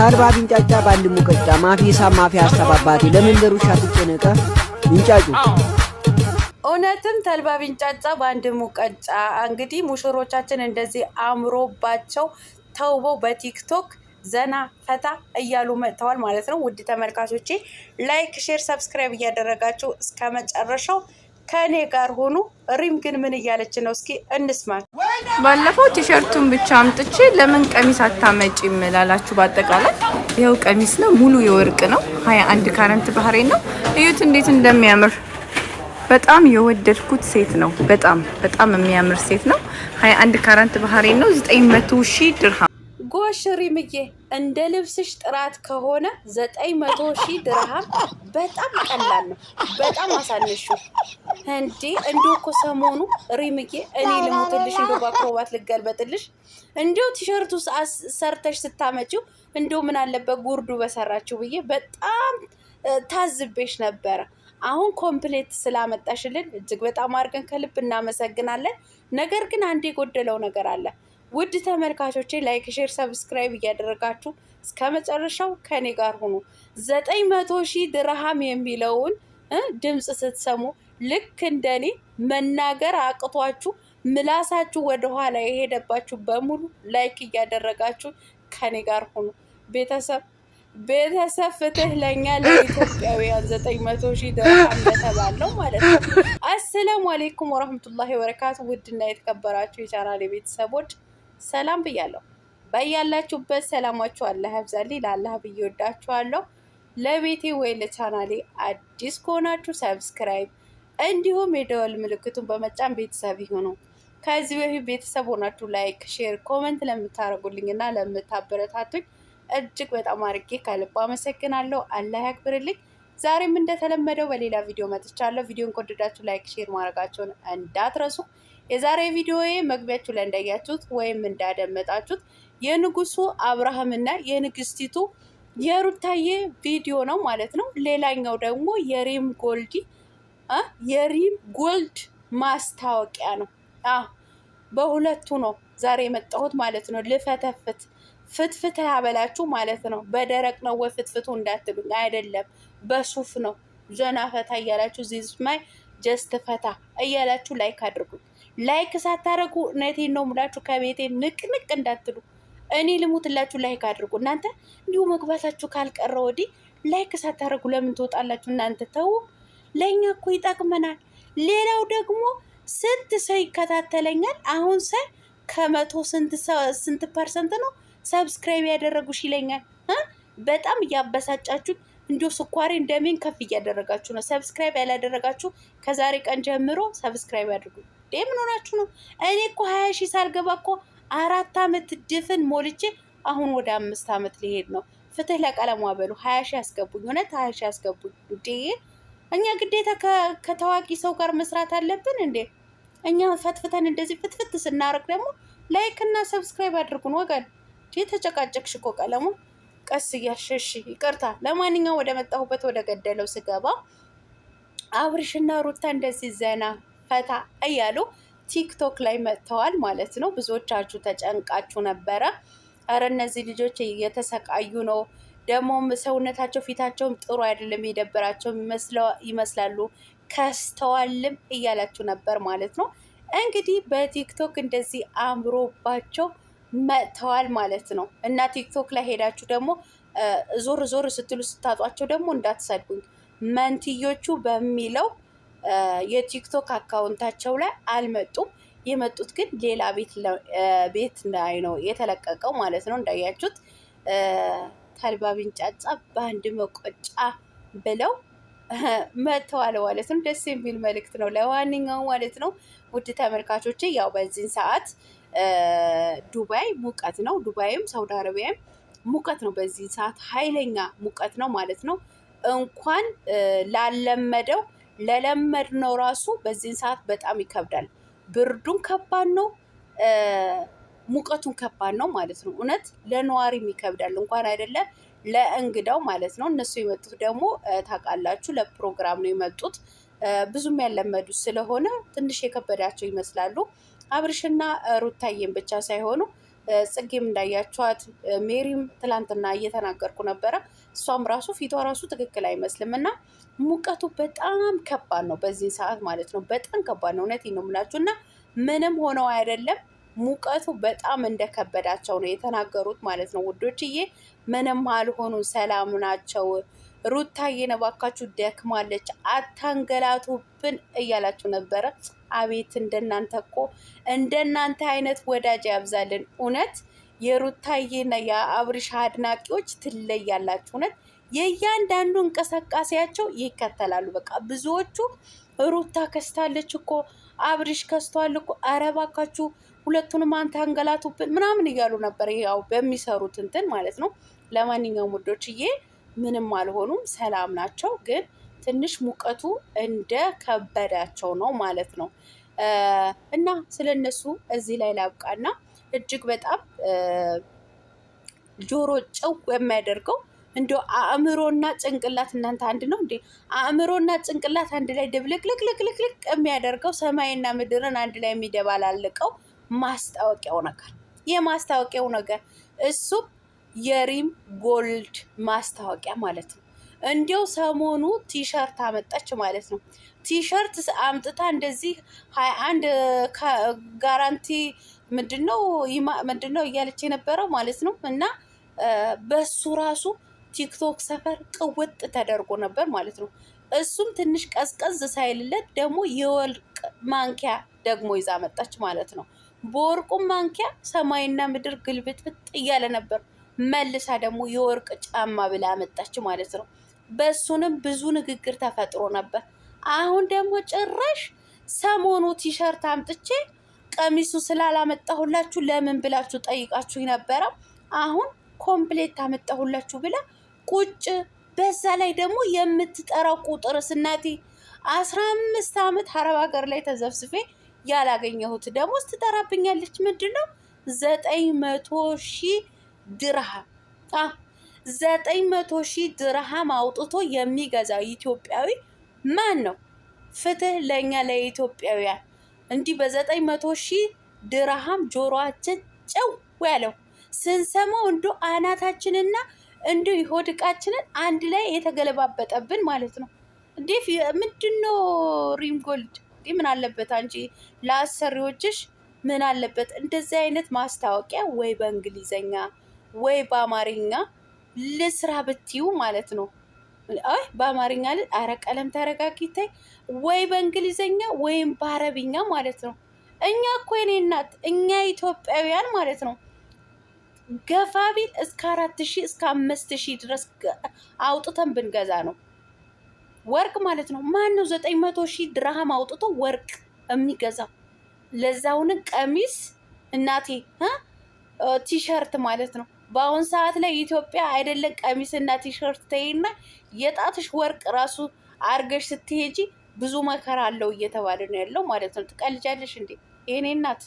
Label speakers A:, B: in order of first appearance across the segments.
A: ታልባ ቢንጫጫ ባንድ ሙቀጫ ማፊሳ ማፊያ አስተባባሪ ሀሳብ አባቴ ለምን ደሩሻ ትጨነቀ ይንጫጩ እውነትም ተልባ ቢንጫጫ በአንድ ሙቀጫ። እንግዲህ ሙሽሮቻችን እንደዚህ አምሮባቸው ተውበው በቲክቶክ ዘና ፈታ እያሉ መጥተዋል ማለት ነው። ውድ ተመልካቾቼ ላይክ፣ ሼር፣ ሰብስክራይብ እያደረጋችሁ እስከ መጨረሻው ከእኔ ጋር ሆኖ ሪም ግን ምን እያለች ነው? እስኪ እንስማ ባለፈው ቲሸርቱን ብቻ አምጥቼ ለምን ቀሚስ አታመጪም ላላችሁ በአጠቃላይ ይኸው ቀሚስ ነው። ሙሉ የወርቅ ነው። ሀያ አንድ ካረንት ባህሬ ነው። እዩት እንዴት እንደሚያምር በጣም የወደድኩት ሴት ነው። በጣም በጣም የሚያምር ሴት ነው። ሀያ አንድ ካረንት ባህሬ ነው። ዘጠኝ መቶ ሺህ ድርሃም ጎሽ ሪምዬ እንደ ልብስሽ ጥራት ከሆነ ዘጠኝ መቶ ሺህ ድርሃም በጣም ቀላል ነው። በጣም አሳንሹ እንዴ! እንዲ እኮ ሰሞኑ ሪምዬ እኔ ልሙትልሽ፣ እንዲ በአክሮባት ልገልበጥልሽ፣ እንዲ ቲሸርቱ ሰርተሽ ስታመጪው እንዲ ምን አለበት ጉርዱ በሰራችው ብዬ በጣም ታዝቤሽ ነበረ። አሁን ኮምፕሌት ስላመጣሽልን እጅግ በጣም አድርገን ከልብ እናመሰግናለን። ነገር ግን አንድ የጎደለው ነገር አለ። ውድ ተመልካቾቼ ላይክ፣ ሼር፣ ሰብስክራይብ እያደረጋችሁ እስከ መጨረሻው ከኔ ጋር ሁኑ። ዘጠኝ መቶ ሺህ ድርሃም የሚለውን ድምፅ ስትሰሙ ልክ እንደኔ መናገር አቅቷችሁ ምላሳችሁ ወደኋላ የሄደባችሁ በሙሉ ላይክ እያደረጋችሁ ከኔ ጋር ሁኑ። ቤተሰብ ቤተሰብ ፍትህ ለኛ ለኢትዮጵያውያን ዘጠኝ መቶ ሺህ ድርሃም ለተባለው ማለት ነው። አሰላሙ አሌይኩም ወረህመቱላሂ ወበረካቱ። ውድና የተከበራችሁ የቻናል ቤተሰቦች ሰላም ብያለሁ። በያላችሁበት ሰላማችሁ አላህ ያብዛልኝ። ለአላህ ብዬ ወዳችኋለሁ። ለቤቴ ወይ ለቻናሌ አዲስ ከሆናችሁ ሰብስክራይብ እንዲሁም የደወል ምልክቱን በመጫን ቤተሰብ ይሁኑ። ከዚህ በፊት ቤተሰብ ሆናችሁ ላይክ፣ ሼር፣ ኮመንት ለምታደርጉልኝ እና ለምታበረታቱኝ እጅግ በጣም አድርጌ ከልብ አመሰግናለሁ። አላህ ያክብርልኝ። ዛሬም እንደተለመደው በሌላ ቪዲዮ መጥቻለሁ። ቪዲዮን ከወደዳችሁ ላይክ፣ ሼር ማድረጋቸውን እንዳትረሱ። የዛሬ ቪዲዮዬ መግቢያችሁ ላይ እንዳያችሁት ወይም እንዳደመጣችሁት የንጉሱ አብርሃምና የንግስቲቱ የሩታዬ ቪዲዮ ነው ማለት ነው። ሌላኛው ደግሞ የሪም ጎልድ የሪም ጎልድ ማስታወቂያ ነው። በሁለቱ ነው ዛሬ የመጣሁት ማለት ነው። ልፈተፍት ፍትፍት ያበላችሁ ማለት ነው። በደረቅ ነው ወይ ፍትፍቱ እንዳትሉኝ፣ አይደለም በሱፍ ነው። ዘና ፈታ እያላችሁ ዚዝማይ ጀስት ፈታ እያላችሁ ላይክ አድርጉኝ። ላይክ ሳታረጉ እውነቴን ነው ሙላችሁ ከቤቴ ንቅንቅ እንዳትሉ። እኔ ልሙትላችሁ ላይክ አድርጉ። እናንተ እንዲሁ መግባታችሁ ካልቀረ ወዲህ ላይክ ሳታረጉ ለምን ትወጣላችሁ? እናንተ ተው፣ ለእኛ እኮ ይጠቅመናል። ሌላው ደግሞ ስንት ሰው ይከታተለኛል። አሁን ሰ ከመቶ ስንት ፐርሰንት ነው ሰብስክራይብ ያደረጉሽ ይለኛል። በጣም እያበሳጫችሁ እንዲሁ ስኳሬ እንደምን ከፍ እያደረጋችሁ ነው። ሰብስክራይብ ያላደረጋችሁ ከዛሬ ቀን ጀምሮ ሰብስክራይብ አድርጉ። እንዴ ምን ሆናችሁ ነው? እኔ እኮ ሀያ ሺህ ሳልገባ እኮ አራት አመት ድፍን ሞልቼ አሁን ወደ አምስት አመት ሊሄድ ነው። ፍትህ ለቀለሟ በሉ ሀያ ሺህ ያስገቡኝ፣ እውነት ሀያ ሺህ ያስገቡኝ። ጉዴ እኛ ግዴታ ከታዋቂ ሰው ጋር መስራት አለብን እንዴ? እኛ ፈትፍተን እንደዚህ ፍትፍት ስናደርግ ደግሞ ላይክ እና ሰብስክራይብ አድርጉን ወገን። ይህ ተጨቃጨቅሽ እኮ ቀለሙ ቀስ እያሸሽ ይቅርታ። ለማንኛውም ወደ መጣሁበት ወደ ገደለው ስገባ አብርሽና ሩታ እንደዚህ ዘና ፈታ እያሉ ቲክቶክ ላይ መጥተዋል ማለት ነው። ብዙዎቻችሁ ተጨንቃችሁ ነበረ። ረ እነዚህ ልጆች እየተሰቃዩ ነው፣ ደግሞም ሰውነታቸው ፊታቸውም ጥሩ አይደለም፣ የደበራቸው ይመስላሉ፣ ከስተዋልም እያላችሁ ነበር ማለት ነው። እንግዲህ በቲክቶክ እንደዚህ አምሮባቸው መጥተዋል ማለት ነው። እና ቲክቶክ ላይ ሄዳችሁ ደግሞ ዞር ዞር ስትሉ ስታጧቸው ደግሞ እንዳትሰድቡኝ መንትዮቹ በሚለው የቲክቶክ አካውንታቸው ላይ አልመጡም። የመጡት ግን ሌላ ቤት ላይ ነው የተለቀቀው ማለት ነው። እንዳያችሁት ተልባ ቢንጫጫ በአንድ መቆጫ ብለው መጥተዋል ማለት ነው። ደስ የሚል መልእክት ነው። ለዋንኛው ማለት ነው ውድ ተመልካቾች፣ ያው በዚህን ሰዓት ዱባይ ሙቀት ነው። ዱባይም ሳውዲ አረቢያም ሙቀት ነው። በዚህ ሰዓት ኃይለኛ ሙቀት ነው ማለት ነው። እንኳን ላለመደው ለለመድ ነው ራሱ በዚህን ሰዓት በጣም ይከብዳል። ብርዱን ከባድ ነው፣ ሙቀቱን ከባድ ነው ማለት ነው። እውነት ለነዋሪም ይከብዳል እንኳን አይደለም ለእንግዳው ማለት ነው። እነሱ የመጡት ደግሞ ታውቃላችሁ ለፕሮግራም ነው የመጡት። ብዙም ያለመዱ ስለሆነ ትንሽ የከበዳቸው ይመስላሉ። አብርሽና ሩታዬን ብቻ ሳይሆኑ ጽጌም እንዳያቸዋት ሜሪም ትላንትና እየተናገርኩ ነበረ። እሷም ራሱ ፊቷ ራሱ ትክክል አይመስልም እና ሙቀቱ በጣም ከባድ ነው በዚህ ሰዓት ማለት ነው። በጣም ከባድ ነው። እውነቴን ነው የምላችሁ እና ምንም ሆነው አይደለም ሙቀቱ በጣም እንደከበዳቸው ነው የተናገሩት ማለት ነው ውዶችዬ። ምንም አልሆኑ ሰላም ናቸው። ሩታዬን እባካችሁ ደክማለች፣ አታንገላቱብን እያላችሁ ነበረ። አቤት እንደናንተ እኮ እንደናንተ አይነት ወዳጅ ያብዛልን። እውነት የሩታዬና የአብርሽ አድናቂዎች ትለያላችሁ። እውነት የእያንዳንዱ እንቅስቃሴያቸው ይከተላሉ። በቃ ብዙዎቹ ሩታ ከስታለች እኮ አብርሽ ከስቷል እኮ አረባካችሁ ሁለቱንም አንተ አንገላቱብን ምናምን እያሉ ነበር፣ ያው በሚሰሩት እንትን ማለት ነው። ለማንኛውም ውዶችዬ ምንም አልሆኑም፣ ሰላም ናቸው። ግን ትንሽ ሙቀቱ እንደ ከበዳቸው ነው ማለት ነው። እና ስለነሱ እዚህ ላይ ላብቃና እጅግ በጣም ጆሮ ጨው የሚያደርገው እንደ አእምሮና ጭንቅላት እናንተ አንድ ነው እንዴ? አእምሮና ጭንቅላት አንድ ላይ ድብልቅልቅልቅልቅ የሚያደርገው ሰማይና ምድርን አንድ ላይ የሚደባላልቀው ማስታወቂያው ነገር የማስታወቂያው ነገር እሱም የሪም ጎልድ ማስታወቂያ ማለት ነው። እንዲው ሰሞኑ ቲሸርት አመጣች ማለት ነው። ቲሸርት አምጥታ እንደዚህ ሀያ አንድ ጋራንቲ ምንድነው ነው እያለች የነበረው ማለት ነው። እና በሱ ራሱ ቲክቶክ ሰፈር ቅውጥ ተደርጎ ነበር ማለት ነው። እሱም ትንሽ ቀዝቀዝ ሳይልለት ደግሞ የወርቅ ማንኪያ ደግሞ ይዛ መጣች ማለት ነው። በወርቁም ማንኪያ ሰማይና ምድር ግልብጥብጥ እያለ ነበር። መልሳ ደግሞ የወርቅ ጫማ ብላ መጣች ማለት ነው። በእሱንም ብዙ ንግግር ተፈጥሮ ነበር። አሁን ደግሞ ጭራሽ ሰሞኑ ቲሸርት አምጥቼ ቀሚሱ ስላላመጣሁላችሁ ለምን ብላችሁ ጠይቃችሁ ነበረ። አሁን ኮምፕሌት አመጣሁላችሁ ብላ ቁጭ። በዛ ላይ ደግሞ የምትጠራው ቁጥር ስናቴ አስራ አምስት አመት ሀረብ ሀገር ላይ ተዘብስፌ ያላገኘሁት ደሞዝ ትጠራብኛለች። ምንድን ነው ዘጠኝ መቶ ሺህ ድርሃም ዘጠኝ መቶ ሺህ ድርሃም አውጥቶ የሚገዛው ኢትዮጵያዊ ማን ነው? ፍትህ ለእኛ ለኢትዮጵያውያን። እንዲህ በዘጠኝ መቶ ሺህ ድርሃም ጆሮአችን ጨው ያለው ስንሰማው እንዶ አናታችንና እንዶ እቃችንን አንድ ላይ የተገለባበጠብን ማለት ነው። እንዴ ምንድን ነው ሪምጎልድ ምን አለበት አንቺ ለአሰሪዎችሽ ምን አለበት እንደዚህ አይነት ማስታወቂያ ወይ በእንግሊዘኛ ወይ በአማርኛ ልስራ ብትዩ ማለት ነው። አይ በአማርኛ ል አረ ቀለም ተረጋጊታይ ወይ በእንግሊዘኛ ወይም በአረብኛ ማለት ነው። እኛ እኮ የኔ እናት እኛ ኢትዮጵያውያን ማለት ነው ገፋ ቢል እስከ አራት ሺህ እስከ አምስት ሺህ ድረስ አውጥተን ብንገዛ ነው። ወርቅ ማለት ነው። ማን ነው ዘጠኝ መቶ ሺህ ድርሃም አውጥቶ ወርቅ የሚገዛው? ለዛውን ቀሚስ እናቴ ቲሸርት ማለት ነው። በአሁን ሰዓት ላይ ኢትዮጵያ አይደለም ቀሚስና ቲሸርት ተይና የጣትሽ ወርቅ ራሱ አርገሽ ስትሄጂ ብዙ መከራ አለው እየተባለ ነው ያለው ማለት ነው። ትቀልጃለሽ እንዴ? ይሄኔ እናት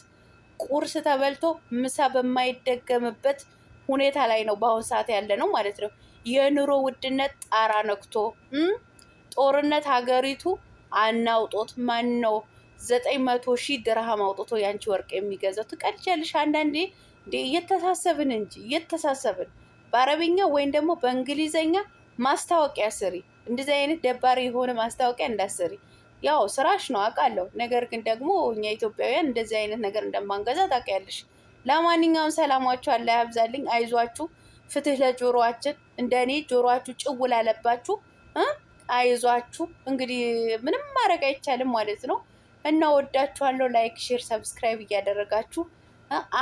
A: ቁርስ ተበልቶ ምሳ በማይደገምበት ሁኔታ ላይ ነው በአሁን ሰዓት ያለ ነው ማለት ነው። የኑሮ ውድነት ጣራ ነክቶ ጦርነት ሀገሪቱ አናውጦት ማን ነው ዘጠኝ መቶ ሺህ ድርሃም አውጥቶ ያንቺ ወርቅ የሚገዛው ትቀልጃለሽ። አንዳንዴ እንደ እየተሳሰብን እንጂ እየተሳሰብን በአረብኛ ወይም ደግሞ በእንግሊዘኛ ማስታወቂያ ስሪ። እንደዚህ አይነት ደባሪ የሆነ ማስታወቂያ እንዳስሪ። ያው ስራሽ ነው አውቃለሁ። ነገር ግን ደግሞ እኛ ኢትዮጵያውያን እንደዚህ አይነት ነገር እንደማንገዛ ታውቂያለሽ። ለማንኛውም ሰላማችሁ አላ ያብዛልኝ። አይዟችሁ፣ ፍትህ ለጆሮችን እንደኔ ጆሮችሁ ጆሮአችሁ ጭው ላለባችሁ አይዟችሁ እንግዲህ ምንም ማድረግ አይቻልም ማለት ነው። እና ወዳችኋለሁ። ላይክ፣ ሼር፣ ሰብስክራይብ እያደረጋችሁ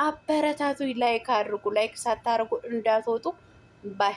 A: አበረታቱ። ላይክ አድርጉ። ላይክ ሳታደርጉ እንዳትወጡ ባይ